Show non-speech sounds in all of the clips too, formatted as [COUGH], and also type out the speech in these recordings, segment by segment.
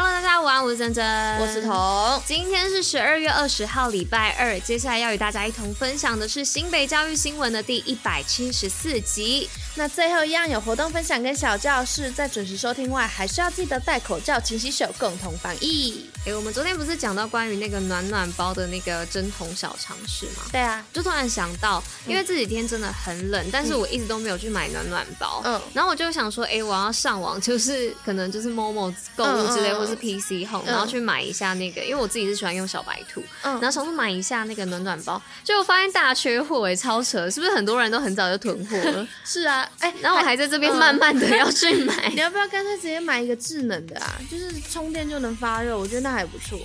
Hello，大家好，我,我是真真，我是彤。今天是十二月二十號，禮拜二。接下來要與大家一同分享的是新北教育新聞的第一百七十四集。那最後一樣有活動分享跟小教室，在準時收聽外，還是要記得戴口罩、勤洗手，共同防疫。哎、欸，我們昨天不是講到關於那個暖暖包的那個真彤小常識嗎？對啊，就突然想到，因為這幾天真的很冷，嗯、但是我一直都沒有去買暖暖包。嗯，然後我就想說，哎、欸，我要上網，就是可能就是某某購物之類是 PC Home，、嗯、然後去買一下那個，因為我自己是喜歡用小白兔，嗯、然後想說買一下那個暖暖包，就發現大缺貨為超扯，是不是很多人都很早就囤貨了？ [LAUGHS] 是啊，哎、欸，然後我還在這邊、嗯、慢慢的要去買。你要不要乾脆直接買一個智能的啊？就是充電就能發熱，我覺得那還不錯。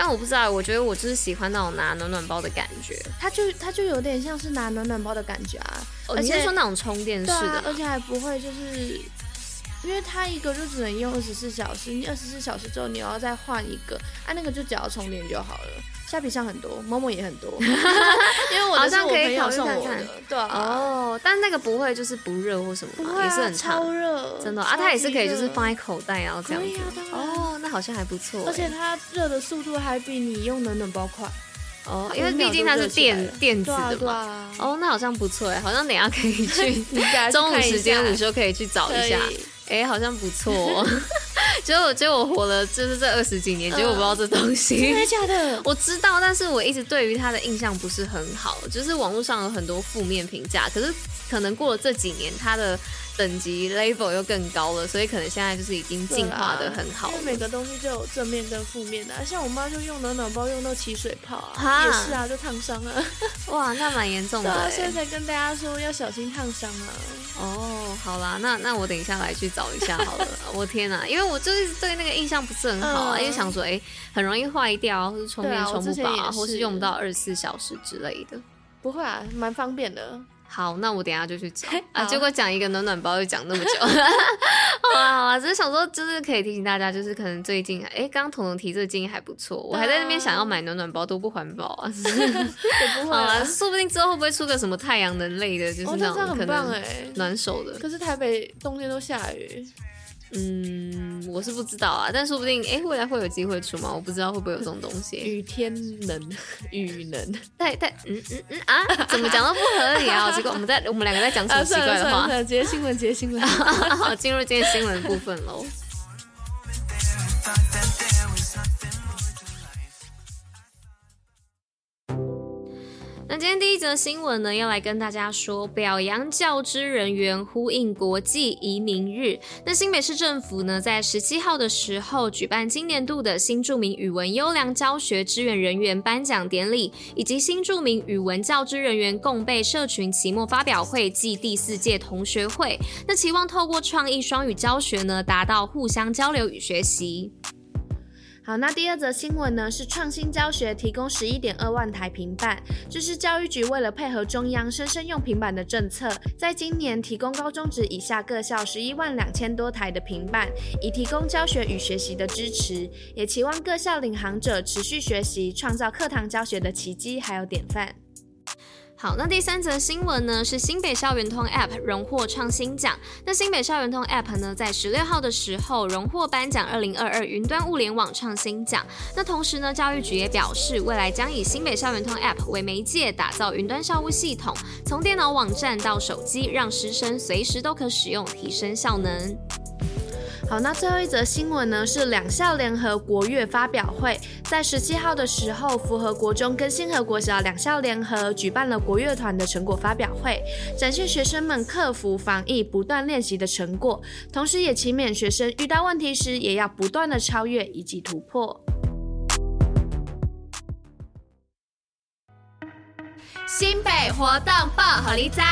但我不知道，我覺得我就是喜歡那種拿暖暖包的感覺，它就它就有點像是拿暖暖包的感覺啊，哦、而且是說那種充電式的、啊，而且還不會就是。是因為它一個就只能用二十四小時，你二十四小時之後你要再換一個，啊那個就只要充電就好了。蝦皮上很多，Momo 也很多，因為我好像可以考慮看看，對啊。哦，但那個不會就是不熱或什麼嘛，也是很燙，超熱，真的啊。它也是可以就是放在口袋然後這樣子。哦，那好像還不錯，而且它熱的速度還比你用暖暖包快哦，因為畢竟它是電電子的嘛。哦，那好像不錯哎，好像等下可以去中午時間午休可以去找一下。哎、欸，好像不錯，喔。結果， [LAUGHS] 結果我活了就是這二十幾年，嗯、結果我不知道這東西。真的假的？我知道，但是我一直對於它的印象不是很好，就是網絡上有很多負面評價。可是可能過了這幾年，它的等級 level 又更高了，所以可能現在就是已經進化的很好。因為每個東西就有正面跟負面的，啊，像我媽就用暖暖包用到起水泡啊，哈也是啊，就燙傷了。哇，那蠻嚴重的，欸。所現在才跟大家說要小心燙傷啊。哦。好啦，那那我等一下來去找一下好了。 [LAUGHS] 啊、我天哪，因為我就是對那個印象不是很好，啊，又、嗯、想說，誒、欸，很容易壞掉，或是充電充不飽、啊，啊、是或是用不到二十四小時之類的。不會啊，蠻方便的。好，那我等一下就去講 [LAUGHS] 好啊。結果講一個暖暖包又講那麼久。 [LAUGHS] 好 [LAUGHS] 啊，好啊，只是想說，就是可以提醒大家，就是可能最近，哎、欸，剛剛彤彤提這個建議還不錯，我還在那邊想要買暖暖包，多不環保啊！ [LAUGHS] 也不會啊，說不定之後會不會出個什麼太陽能類的，就是這樣，很棒誒，暖手的、哦欸。可是台北冬天都下雨。嗯，我是不知道啊，但說不定誒，未來會有機會出嗎？我不知道會不會有這種東西。雨天能雨能，太太嗯嗯嗯啊？怎麼講都不合理啊！結果 [LAUGHS] 我，我們在我們兩個在講什麼奇怪的話，啊？接新聞，接新聞。 [LAUGHS] 好，進入今天新聞部分嘍。 [LAUGHS] 新聞呢，要來跟大家說，表揚教支人員，呼應國際移民日。那新北市政府呢，在十七號的時候舉辦今年度的新住民語文優良教學支援人員頒獎典禮，以及新住民語文教支人員共備社群期末發表會暨第四屆同學會。那期望透過創意雙語教學呢，達到互相交流與學習。好，那第二則新聞呢？是創新教學提供十一點二萬台平板。這是教育局，為了配合中央生生用平板的政策，在今年提供高中職以下各校十一萬兩千多台的平板，以提供教學與學習的支持，也期望各校領航者持續學習，創造課堂教學的奇蹟還有典範。好，那第三則新聞呢？是新北校園通 App 榮獲創新獎。那新北校園通 App 呢，在十六號的時候榮獲頒獎二零二二雲端物聯網創新獎。那同時呢，教育局也表示，未來將以新北校園通 App 為媒介，打造雲端校務系統，從電腦網站到手機，讓師生隨時都可使用，提升效能。好，那最後一則新聞呢？是兩校聯合國樂發表會，在十七號的時候，符合國中跟新和國小兩校聯合舉辦了國樂團的成果發表會，展現學生們克服防疫、不斷練習的成果，同時也勤勉學生遇到問題時也要不斷的超越以及突破。新北活動報馬仔。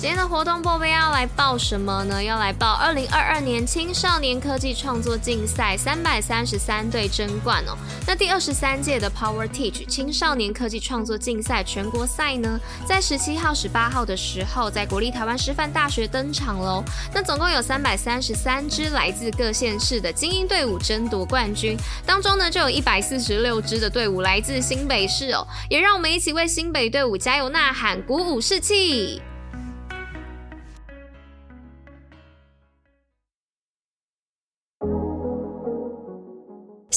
今天的活動，波波要來報什麼呢？要來報二零二二年青少年科技創作競賽三百三十三隊爭冠哦。那第二十三屆的 Power Teach 青少年科技創作競賽全國賽呢，在十七號、十八號的時候，在國立台灣師範大學登場嘍。那總共有三百三十三支來自各縣市的精英隊伍爭奪冠軍，當中呢，就有一百四十六支的隊伍來自新北市哦。也讓我們一起為新北隊伍加油吶喊，鼓舞士氣。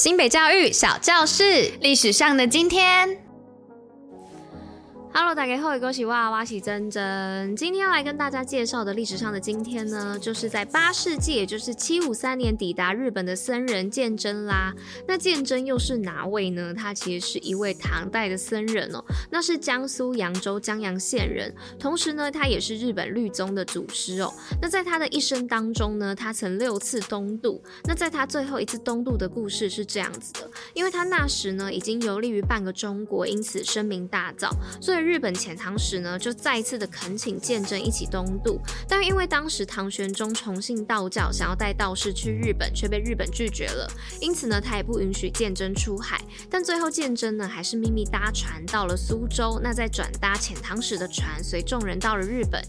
新北教育小教室，歷史上的今天。Hello，大家好，恭喜哇哇，喜真真。今天要來跟大家介紹的歷史上的今天呢，就是在八世紀，也就是七五三年抵達日本的僧人鑑真啦。那鑑真又是哪位呢？他其實是一位唐代的僧人哦，那是江蘇揚州江陽縣人。同時呢，他也是日本律宗的祖師哦。那在他的一生當中呢，他曾六次東渡。那在他最後一次東渡的故事是這樣子的，因為他那時呢已經遊歷於半個中國，因此聲名大噪，所以。日本遣唐使呢，就再一次的懇請鑒真一起東渡，但因為當時唐玄宗崇信道教，想要帶道士去日本，卻被日本拒絕了，因此呢，他也不允許鑒真出海。但最後鑒真呢，還是秘密搭船到了蘇州，那再轉搭遣唐使的船，隨眾人到了日本。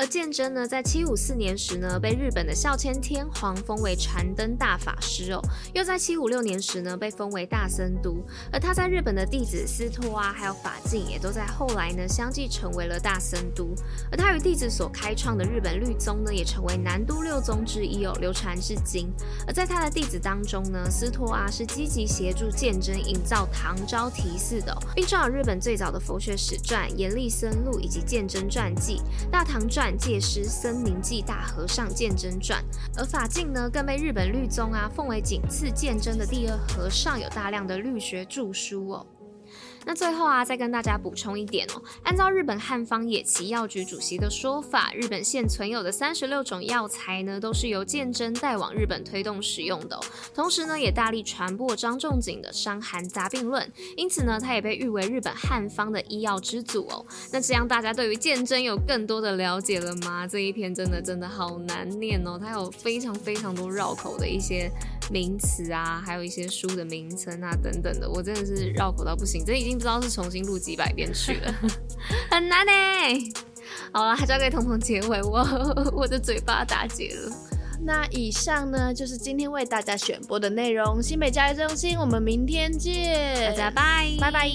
而鑒真呢，在七五四年時呢，被日本的孝謙天皇封為傳燈大法師哦，又在七五六年時呢，被封為大僧都。而他在日本的弟子思託啊，還有法進也都在後來呢，相繼成為了大僧都。而他與弟子所開創的日本律宗呢，也成為南都六宗之一哦，流傳至今。而在他的弟子當中呢，思託啊，是積極協助鑒真營造唐招提寺的，哦，並撰了日本最早的佛學史傳《延曆僧錄》，以及鑒真傳記《大唐傳》《戒師僧名記大和尚鑑真傳》，而法進呢，更被日本律宗啊奉為僅次鑑真的第二和尚，有大量的律學著書哦。那最後啊，再跟大家補充一點哦。按照日本漢方野崎藥局主席的說法，日本現存有的三十六種藥材呢，都是由鑑真帶往日本推動使用的哦。同時呢，也大力傳播張仲景的《傷寒雜病論》，因此呢，他也被譽為日本漢方的醫藥之祖哦。那這樣大家對於鑑真有更多的了解了嗎？這一篇真的真的好難念哦，它有非常非常多繞口的一些。名詞啊，還有一些書的名稱啊，等等的，我真的是繞口到不行，這已經不知道是重新錄幾百遍去了， [LAUGHS] 很難呢、欸。好了，交給彤彤結尾我，我我的嘴巴打結了。那以上呢就是今天為大家選播的內容，新北教育中心，我們明天見，大家拜，拜拜。